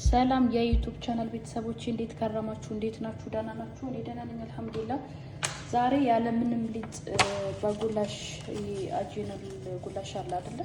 ሰላም የዩቱብ ቻናል ቤተሰቦች እንዴት ከረማችሁ? እንዴት ናችሁ? ደህና ናችሁ? እኔ ደህና ነኝ፣ አልሐምዱሊላህ። ዛሬ ያለምንም ሊጥ በጉላሽ አጂነል ጉላሽ አለ አይደለ?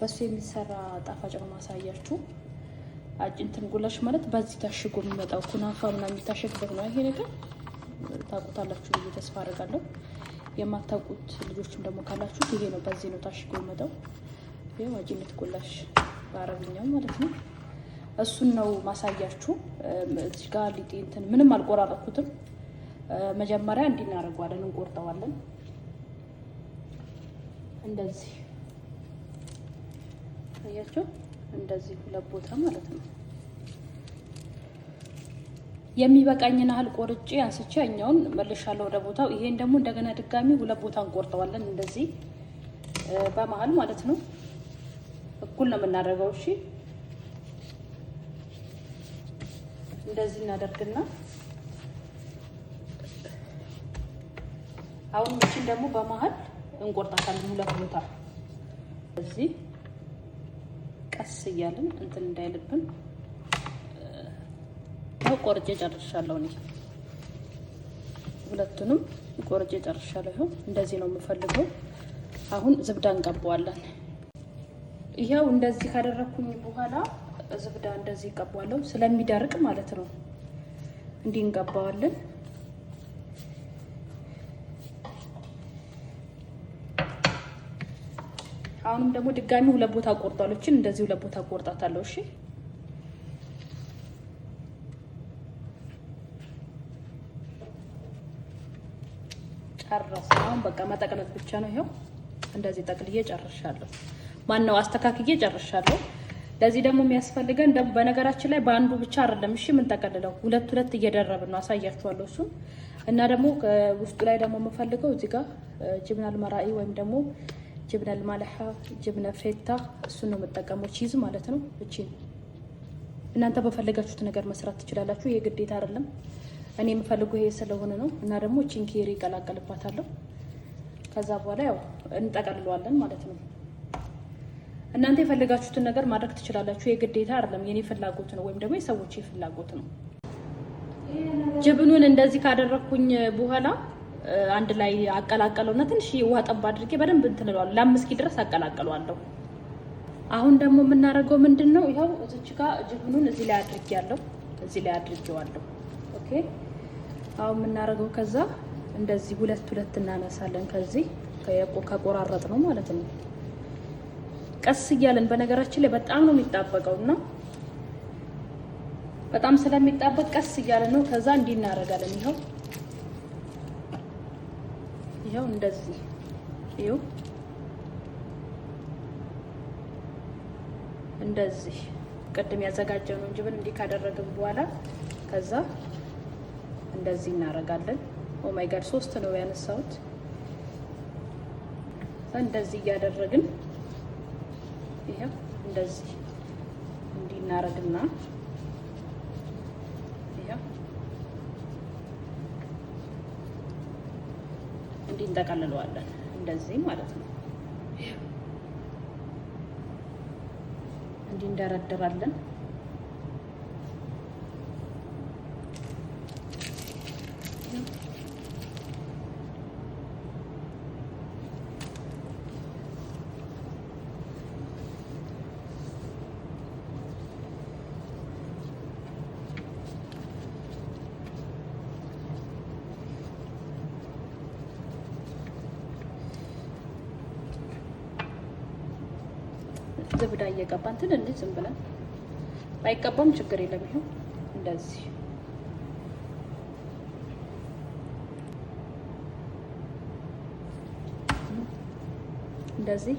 በሱ የሚሰራ ጣፋጭ ነው ማሳያችሁ። እንትን ጉላሽ ማለት በዚህ ታሽጎ የሚመጣው ኩናፋ ምናምን የሚታሸግበት ነው። ይሄ ነገር ታውቁታላችሁ ብዬ ተስፋ አደርጋለሁ። የማታውቁት ልጆችም ደግሞ ካላችሁት ይሄ ነው፣ በዚህ ነው ታሽጎ የሚመጣው። ይኸው አጂኖል ጉላሽ በአረብኛው ማለት ነው። እሱን ነው ማሳያችሁ። እዚህ ጋር ሊጤ እንትን ምንም አልቆራረጥኩትም። መጀመሪያ እንዲህ እናደርገዋለን፣ እንቆርጠዋለን። እንደዚህ አያችሁ፣ እንደዚህ ሁለት ቦታ ማለት ነው። የሚበቃኝን ያህል ቆርጬ አንስቼ እኛውን መልሻለሁ ወደ ቦታው። ይሄን ደግሞ እንደገና ድጋሚ ሁለት ቦታ እንቆርጠዋለን፣ እንደዚህ በመሀል ማለት ነው። እኩል ነው የምናደርገው። እሺ እንደዚህ እናደርግና አሁን እቺን ደግሞ በመሀል እንቆርጣታለን። ሁለት ቦታ እዚህ ቀስ እያልን እንትን እንዳይልብን ቆርጬ ጨርሻለሁ። እኔ ሁለቱንም ቆርጬ ጨርሻለሁ። ይኸው እንደዚህ ነው የምፈልገው። አሁን ዝብዳ እንቀበዋለን። ይኸው እንደዚህ ካደረኩኝ በኋላ በዝብዳ እንደዚህ ይቀባዋለሁ፣ ስለሚደርቅ ማለት ነው። እንዲህ እንቀባዋለን። አሁንም ደግሞ ድጋሚ ሁለት ቦታ ቆርጣሎችን እንደዚህ ሁለት ቦታ ቆርጣታለሁ። እሺ ጨረስ። አሁን በቃ መጠቅለት ብቻ ነው። ይኸው እንደዚህ ጠቅልዬ ጨርሻለሁ። ማን ነው አስተካክዬ ጨርሻለሁ። ለዚህ ደግሞ የሚያስፈልገን ደግሞ በነገራችን ላይ በአንዱ ብቻ አይደለም። እሺ የምንጠቀልለው ሁለት ሁለት እየደረብን ነው፣ አሳያችኋለሁ እሱን እና ደግሞ ውስጡ ላይ ደግሞ የምፈልገው እዚህ ጋር ጅብነል መራኢ ወይም ደግሞ ጅብነል ማለሓ ጅብነ ፌታ እሱን ነው የምጠቀመው፣ ቺዝ ማለት ነው። እቺ እናንተ በፈለጋችሁት ነገር መስራት ትችላላችሁ፣ ግዴታ አይደለም። እኔ የምፈልገው ይሄ ስለሆነ ነው። እና ደግሞ ቺንኬሪ ይቀላቀልባታለሁ። ከዛ በኋላ ያው እንጠቀልለዋለን ማለት ነው። እናንተ የፈለጋችሁትን ነገር ማድረግ ትችላላችሁ። የግዴታ አይደለም፣ የኔ ፍላጎት ነው ወይም ደግሞ የሰዎች ፍላጎት ነው። ጅብኑን እንደዚህ ካደረግኩኝ በኋላ አንድ ላይ አቀላቀለውና ትንሽ ውሃ ጠባ አድርጌ በደንብ እንትን ለአምስኪ ድረስ አቀላቀለዋለሁ። አሁን ደግሞ የምናደርገው ምንድን ነው? ይኸው እዚች ጋ ጅብኑን እዚህ ላይ አድርጌያለሁ፣ እዚህ ላይ አድርጌዋለሁ። ኦኬ አሁን የምናደርገው ከዛ እንደዚህ ሁለት ሁለት እናነሳለን። ከዚህ ከቆራረጥ ነው ማለት ነው ቀስ እያለን በነገራችን ላይ በጣም ነው የሚጣበቀው እና በጣም ስለሚጣበቅ ቀስ እያለን ነው። ከዛ እንዲህ እናደርጋለን። ይኸው ይኸው እንደዚህ ይኸው እንደዚህ ቅድም ያዘጋጀው ነው እንጅብን እንዲህ ካደረግን በኋላ ከዛ እንደዚህ እናደርጋለን። ኦ ማይ ጋድ ሶስት ነው ያነሳሁት። እንደዚህ እያደረግን ይህም እንደዚህ እንዲናረግና ይህም እንዲንጠቀልለዋለን እንደዚህ ማለት ነው። እንዲንደረድራለን ዝብዳ እየቀባን ትንንሽ ዝም ብለን ባይቀባም ችግር የለም። ይሁን እንደዚህ እንደዚህ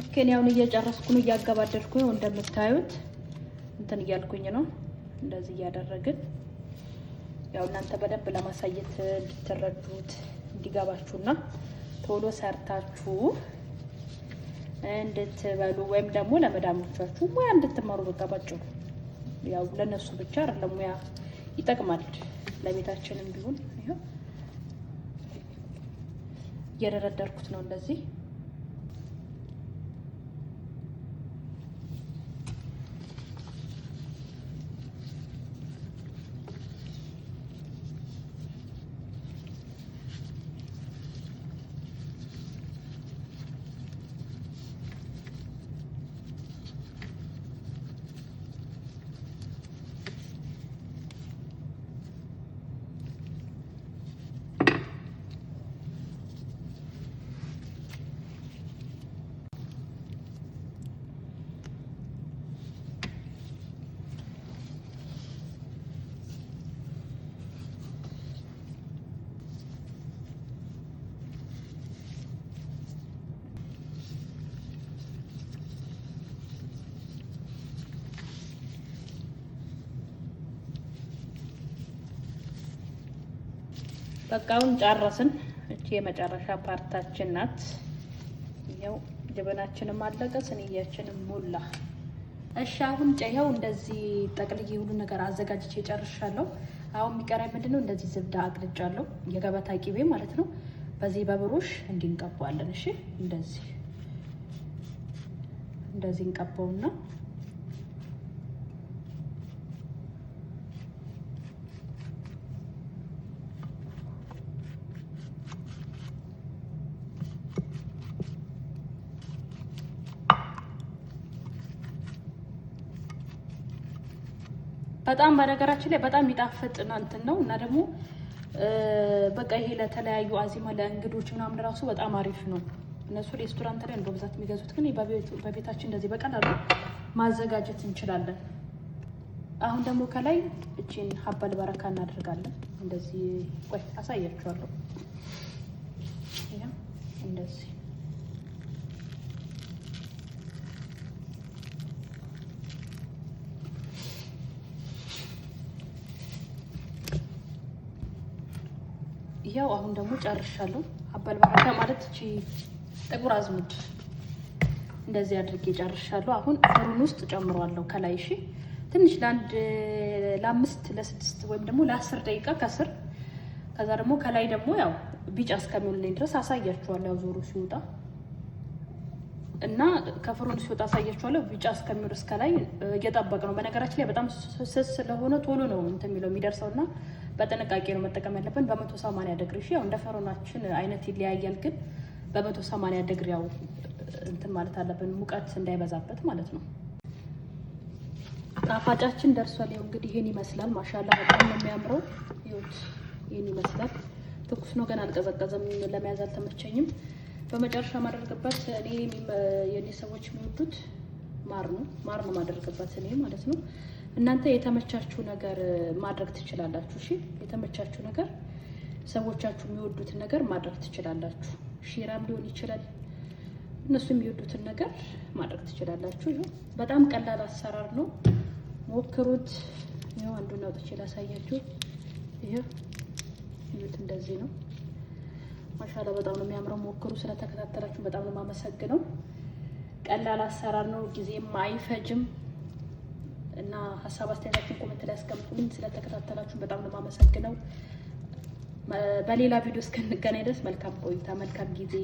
ኦኬ እኔ እየጨረስኩን እያገባደድኩ ነው። እንደምታዩት እንትን እያልኩኝ ነው። እንደዚህ እያደረግን ያው እናንተ በደንብ ለማሳየት እንድትረዱት እንዲገባችሁና ቶሎ ሰርታችሁ እንድትበሉ ወይም ደግሞ ለመዳሞቻችሁ ሙያ እንድትማሩ በቃ ባጭሩ ያው ለነሱ ብቻ አይደለም ሙያ ይጠቅማል። ለቤታችንም ቢሆን እየደረደርኩት ነው እንደዚህ በቃውን ጨረስን። እቺ የመጨረሻ ፓርታችን ናት። ይኸው ጀበናችንም አለቀ፣ ስንያችንም ሞላ። እሺ አሁን ጨኸው እንደዚህ ጠቅልዬ ሁሉ ነገር አዘጋጅቼ ጨርሻለሁ። አሁን የሚቀራኝ ምንድነው? እንደዚህ ዝብዳ አቅልጫለሁ፣ የገበታ ቂቤ ማለት ነው። በዚህ በብሩሽ እንዲህ እንቀባዋለን። እሺ እንደዚህ እንደዚህ እንቀባውና በጣም በነገራችን ላይ በጣም የሚጣፍጥ እንትን ነው እና ደግሞ በቃ ይሄ ለተለያዩ አዚማ ለእንግዶች ምናምን ራሱ በጣም አሪፍ ነው። እነሱ ሬስቶራንት ላይ በብዛት የሚገዙት ግን በቤታችን እንደዚህ በቀላሉ ማዘጋጀት እንችላለን። አሁን ደግሞ ከላይ እቺን ሀባል በረካ እናደርጋለን። እንደዚህ ቆይ አሳያችኋለሁ። እንደዚህ ይኸው አሁን ደግሞ ጨርሻለሁ። አባል ባህዳ ማለት እቺ ጥቁር አዝሙድ እንደዚህ አድርጌ ጨርሻለሁ። አሁን ፍሩን ውስጥ ጨምሯለሁ ከላይ እሺ። ትንሽ ለአንድ ለአምስት ለስድስት ወይም ደግሞ ለአስር ደቂቃ ከስር ከዛ ደግሞ ከላይ ደግሞ ያው ቢጫ እስከሚሆንልኝ ድረስ አሳያችኋለሁ። ያው ዞሮ ሲወጣ እና ከፍሩን ሲወጣ አሳያችኋለሁ። ቢጫ እስከሚሆን እስከላይ እየጠበቅ ነው። በነገራችን ላይ በጣም ስስ ስለሆነ ቶሎ ነው እንትን የሚለው የሚደርሰው እና በጥንቃቄ ነው መጠቀም ያለብን። በመቶ ሰማንያ ደግሪ እሺ፣ ያው እንደ ፈሮናችን አይነት ይለያያል፣ ግን በመቶ ሰማንያ ደግሪ ያው እንትን ማለት አለብን፣ ሙቀት እንዳይበዛበት ማለት ነው። ጣፋጫችን ደርሷል። ያው እንግዲህ ይህን ይመስላል። ማሻላ በጣም ነው የሚያምረው። ይሁት ይህን ይመስላል። ትኩስ ነው፣ ገና አልቀዘቀዘም፣ ለመያዝ አልተመቸኝም። በመጨረሻ ማደርግበት እኔ የኔ ሰዎች የሚወዱት ማር ነው። ማር ነው ማደርግበት እኔ ማለት ነው። እናንተ የተመቻችሁ ነገር ማድረግ ትችላላችሁ። እሺ፣ የተመቻችሁ ነገር ሰዎቻችሁ የሚወዱትን ነገር ማድረግ ትችላላችሁ። ሺራም ሊሆን ይችላል። እነሱ የሚወዱትን ነገር ማድረግ ትችላላችሁ። ይሁን በጣም ቀላል አሰራር ነው፣ ሞክሩት። ይኸው አንዱን አውጥቼ ላሳያችሁ። ይኸው ይሁት እንደዚህ ነው። ማሻላ በጣም ነው የሚያምረው። ሞክሩ። ስለተከታተላችሁ በጣም ነው የማመሰግነው። ቀላል አሰራር ነው፣ ጊዜም አይፈጅም። እና ሀሳብ አስተያየታችሁን ኮመንት ላይ አስቀምጡልኝ። ስለተከታተላችሁን በጣም ነው የማመሰግነው። በሌላ ቪዲዮ እስከንገናኝ ድረስ መልካም ቆይታ፣ መልካም ጊዜ